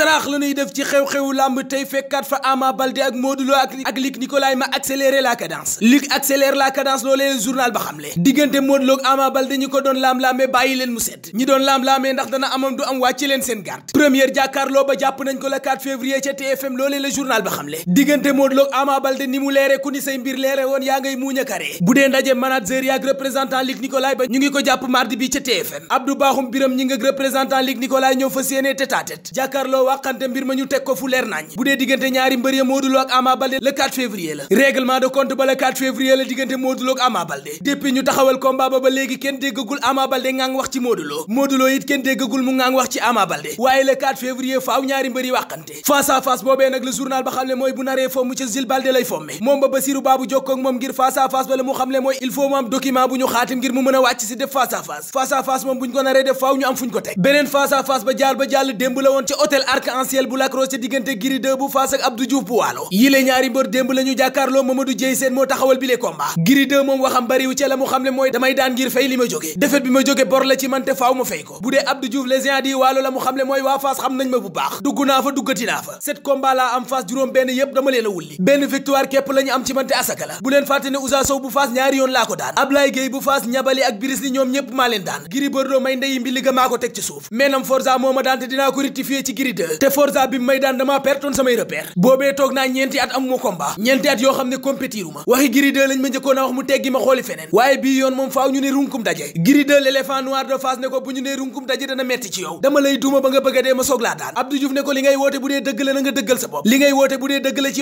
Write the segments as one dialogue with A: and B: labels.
A: saraax la ñuy def ci xew-xewu làmb tey fekkaat fa Ama Baldé ak Modou Lo ak ak Luc Nicolaï ma accélérer la cadence Luc accélère la cadence loolee journal ba xamle diggante Modou Lo ak Ama Baldé ñi ko doon laam bàyyi leen mu sedd ñi doon laam-laamee ndax dana amam du am wàcc leen seen garde première jàkkaarloo ba jàpp nañ ko la 4 février ca TFM loolee la journal ba xamle diggante Modou Lo ni mu leere ku ni say mbir leere woon yaa ngay muuñ a karee bu waxante mbir ma ñu teg ko fu leer nañ bu dee diggante ñaari mbër ya Modou Lo ak Ama Baldé le 4 février la règlement de compte ba le 4 février la diggante Modou Lo ak Ama ñu taxawal combat ba ba léegi kenn déggagul Ama Baldé ngaa ngi wax ci Modou Lo Modou kenn déggagul mu ngaa wax ci Ama Baldé waaye le 4 février faaw ñaari mbër yi waxante face à boobee nag le journal ba xam ne mooy bu naree fomm ca Zil Baldé lay fomme moom ba a wàcc la woon ca arc en bu Lac ca diggante Gris 2 bu Fass ak Abdou Diouf bu Waalo yile ñaari mbër démb la ñu jàkkaarloo Mamadou Dieye Sène moo taxawal bile combat Gris moom waxam bariwu ca la mu xam ne daan ngir fay li ma jóge defet bi ma jóge bor la ci man te faaw ma fay ko bu dee Abdou Diouf les gens Waalo la mu xam ne mooy waa Fass xam nañ ma bu baax dugg naa fa duggati naa fa sept combat laa am Fass juróom benn yépp dama leen a wulli benn victoire képp 2 te Forza bi may daan damaa pertoon samay repère boobee toog naa ñeenti at amuma combat ñeenti at yoo xam ne compétiru ma waxi Gris 2 lañ ma njëkkoon a wax mu teggi ma xooli feneen waaye bii yoon moom faaw ñu ne runkum daje Gris 2 l'éléphant noir de Fass ne ko bu ñu ne runkum daje dana metti ci yow dama lay duuma ba nga bëgg a dee ma soog laa daan Abdou Diouf ne ko li ngay woote bu dee dëgg la na nga dëggal sa bopp li ngay woote bu dee dëgg la ci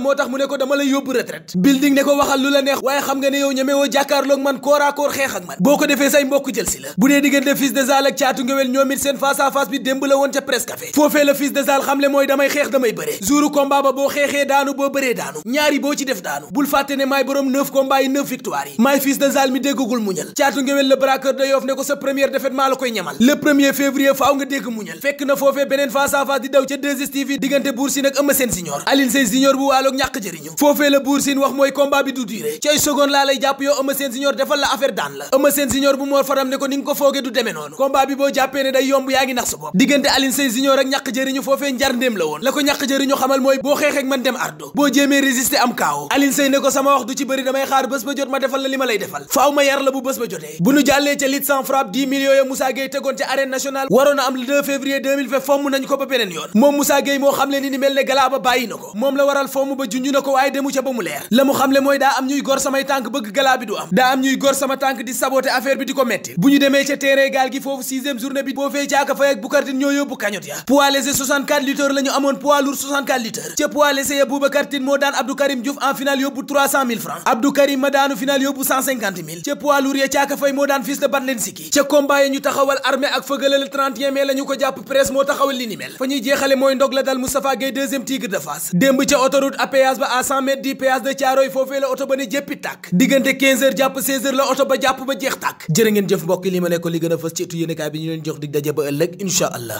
A: moo tax mu ne ko dama lay yóbbu retraite building ne ko waxal lu la neex waaye xam nga ne yow ñemewoo jàkkaarloog man koor xeex ak man boo ko defee say mbokk jël la bu dee diggante fils de Zal ak caatu ngewel ñoom seen face bi démb la woon ca presse café foofee la fils de Zal xamle mooy damay xeex damay bëree jouru combat ba boo xeexee daanu boo bëree daanu ñaari boo ci def daanu bul fàtte ne maay boroom neuf yi neuf victoire yi maay jëriñoog foofee la buur siin wax mooy combat bi du duré ci ay laa lay jàpp yow Eumeu Sène Junior defal la affaire daan la Eumeu Sène Junior bu Mor Fadam ne ko ni nga ko fooge du deme noonu combat bi boo jàppee ne day yomb yaa ngi nax sa diggante Aline Sèye Junior ak ñàkk jëriñu foofee njar ndéem la woon la ko ñàkk jëriñu xamal mooy boo xeexeek man dem ardo boo jéemee résister am kaawo Aline Sèye ne ko sama wax du ci bëri damay xaar bés ba jot ma defal la li ba junju na ko waaye demu ca ba mu leer la mu xamle mooy daa am ñuy gor samay tànk bëgg galaa bi du am daa am ñuy gor sama tànk di saboté affaire bi di ko metti bu ñu demee ca terrain gaal gi foofu sixième journée bi boo fee caaka fay ak Boucar ñoo yóbbu kañot ya poids léger 64 litres la amoon poids lourd 64 litres ca poids ya Boubacar moo daan Abdou Karim Diouf en yóbbu 300 000 francs ma daanu finale yóbbu ca poids lourd péage ba à 100 mètres di péage de Thiaroye foofee la oto ba ne jëppi tàkk diggante 15 heures jàpp 16 heures la oto ba jàpp ba jeex tàkk jërë ngeen jëf mbokk li ma li gën a fës ci tu yéenekaay bi ñu leen jox dig daje ba ëllëg incha allah